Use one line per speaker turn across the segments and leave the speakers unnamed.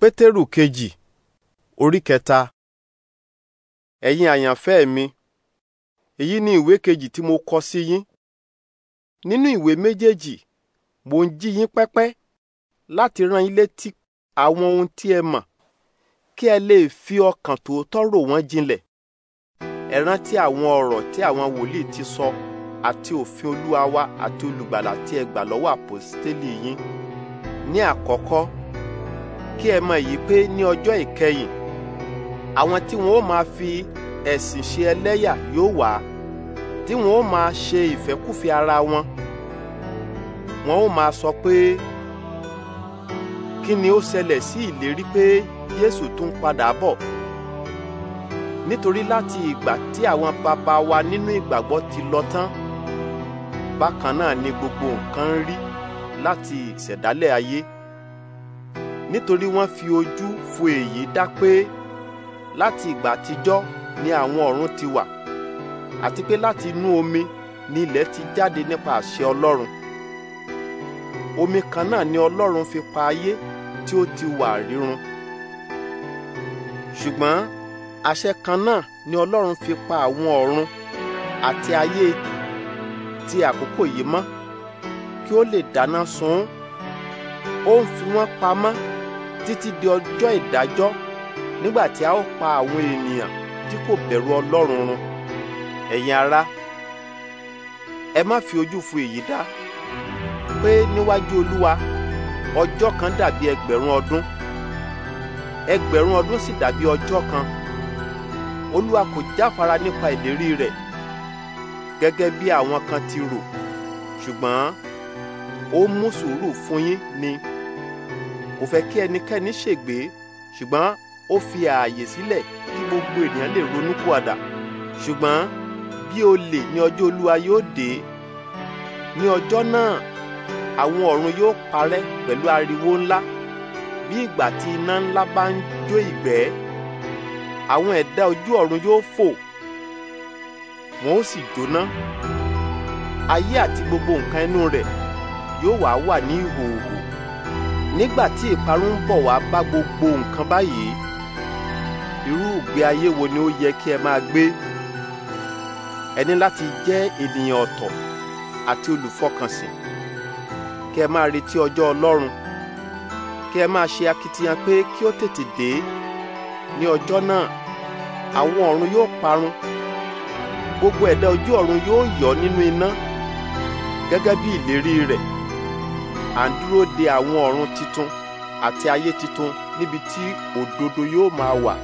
pétérù kejì orí kẹta ẹ̀yin àyànfẹ́ mi èyí ni ìwé kejì tí mo kọ sí yín nínú ìwé méjèèjì mo ń jí yín pẹ́pẹ́ láti rán yín létí àwọn ohun tí ẹ mọ̀ kí ẹ lè fi ọkàn tòótọ́ rò wọ́n jinlẹ̀ ẹ rántí àwọn ọ̀rọ̀ tí àwọn wòlíì ti sọ àti òfin olúwa wa àti olùgbàlà tí ẹ gbà lọ́wọ́ àpòstélì yín ní àkọ́kọ́ kí ẹ mọ̀ yìí pé ní ọjọ́ ìkẹyìn àwọn tí wọn ó máa fi ẹ̀sìn ṣe ẹlẹ́yà yóò wá tí wọn ó máa ṣe ìfẹ́kùfẹ́ ara wọn wọn ó máa sọ pé kí ni ó ṣẹlẹ̀ sí ìlérí pé Jésù tún padà bọ̀ nítorí láti ìgbà tí àwọn bàbá wa nínú ìgbàgbọ́ ti lọ tán bákan náà ni gbogbo nǹkan ń rí láti ìṣẹ̀dálẹ̀ ayé nítorí wọ́n fi ojú fo èyí dá pé láti ìgbà àtijọ́ ni àwọn ọ̀run ti wà àti pé láti inú omi ni ilẹ̀ ti jáde nípa àṣẹ Ọlọ́run omi kan náà ni Ọlọ́run fi pa ayé tí ó ti wà rírun ṣùgbọ́n àṣẹ kan náà ni Ọlọ́run fi pa àwọn ọ̀run àti ayé ti àkókò yìí mọ́ kí ó lè dáná sun ó ń fi wọ́n pamọ́ títí di ọjọ́ ìdájọ́ nígbà tí a ó pa àwọn ènìyàn tí kò bẹ̀rù ọlọ́run run ẹ̀yin ará ẹ má fi ojú fo èyí dá pé níwájú olúwa ọjọ́ kan dàbí ẹgbẹ̀rún ọdún ẹgbẹ̀rún ọdún sì dàbí ọjọ́ kan olúwa kò jáfara nípa ìlérí rẹ̀ gẹ́gẹ́ bí àwọn kan ti rò ṣùgbọ́n ó mú sùúrù fún yín ni kò fẹ́ kí ẹnikẹ́ni ṣègbé ṣùgbọ́n ó fi ààyè sílẹ̀ kí gbogbo ènìyàn lè ronúkúwàdà ṣùgbọ́n bí olè ní ọjọ́ olúwa yóò dé ní ọjọ́ náà àwọn ọ̀run yóò parẹ́ pẹ̀lú ariwo ńlá bí ìgbà tí iná ńlá bá ń jó ìgbẹ́ àwọn ẹ̀dá ojú ọ̀run yóò fò wọn ó sì jóná ayé àti gbogbo nǹkan inú rẹ̀ yóò wá wà ní ìhòòhò nígbà tí ìparun ń bọ̀ wá bá gbogbo nǹkan báyìí irú ìgbé ayé wo ni ó yẹ kí ẹ máa gbé ẹ ní láti jẹ́ ènìyàn ọ̀tọ̀ àti olùfọkànsìn kí ẹ máa retí ọjọ́ Ọlọ́run kí ẹ máa ṣe akitiyan pé kí ó tètè dé ní ọjọ́ náà àwọn ọ̀run yóò parun gbogbo ẹ̀dá ojú ọ̀run yóò yọ nínú iná gẹ́gẹ́ bí ìlérí rẹ̀ à ń dúró de àwọn ọ̀run titun àti ayé titun níbi tí òdodo yóò máa wà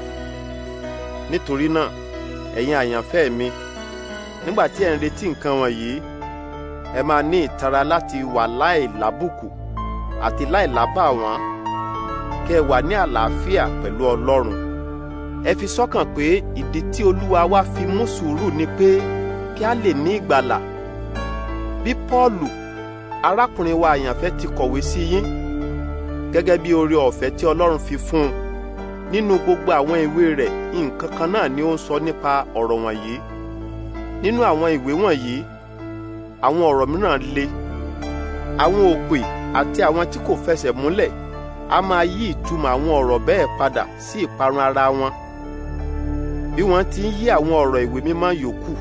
nítorí náà ẹ̀yin àyànfẹ́ mi nígbà tí ẹ̀ ń retí nǹkan wọ̀nyí ẹ máa ní ìtara láti wà láìlábùkù àti láìlábàwọ́n kẹ́ ẹ wà ní àlàáfíà pẹ̀lú Ọlọ́run ẹ fi sọ́kàn pé ìdí tí Olúwa wa fi mú sùúrù ni pé kí a lè ní ìgbàlà bí Pọ́ọ̀lù arákùnrin wa àyànfẹ́ ti kọ̀wé sí yín gẹ́gẹ́ bí oore ọ̀fẹ́ tí ọlọ́run fi fún un nínú gbogbo àwọn ìwé rẹ̀ nǹkan kan náà ni ó ń sọ nípa ọ̀rọ̀ wọ̀nyí nínú àwọn ìwé wọ̀nyí àwọn ọ̀rọ̀ mìíràn le àwọn òpè àti àwọn tí kò fẹsẹ̀ múlẹ̀ a máa yí ìtumọ̀ àwọn ọ̀rọ̀ bẹ́ẹ̀ padà sí ìparun ara wọn bí wọ́n ti ń yí àwọn ọ̀rọ̀ ìwé mímọ́ yòókù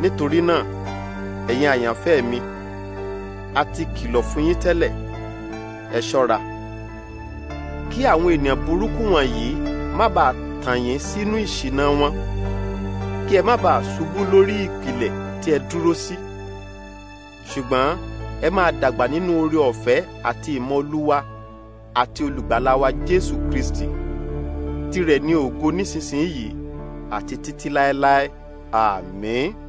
nítorí náà ẹ̀yin àyànfẹ́ mi a ti kìlọ̀ fún yín tẹ́lẹ̀ ẹ ṣọ́ra kí àwọn ènìyàn burúkú wọ̀nyí má bàa tàn yín sínú ìṣìnà wọn kí ẹ má bàa ṣubú lórí ìpìlẹ̀ tí ẹ dúró sí ṣùgbọ́n ẹ máa dàgbà nínú oore ọ̀fẹ́ àti ìmọ̀ Olúwa àti olùgbàlà wa Jésù Kristi tirẹ̀ ni ògo nísinsìnyí àti títí láéláé àmín.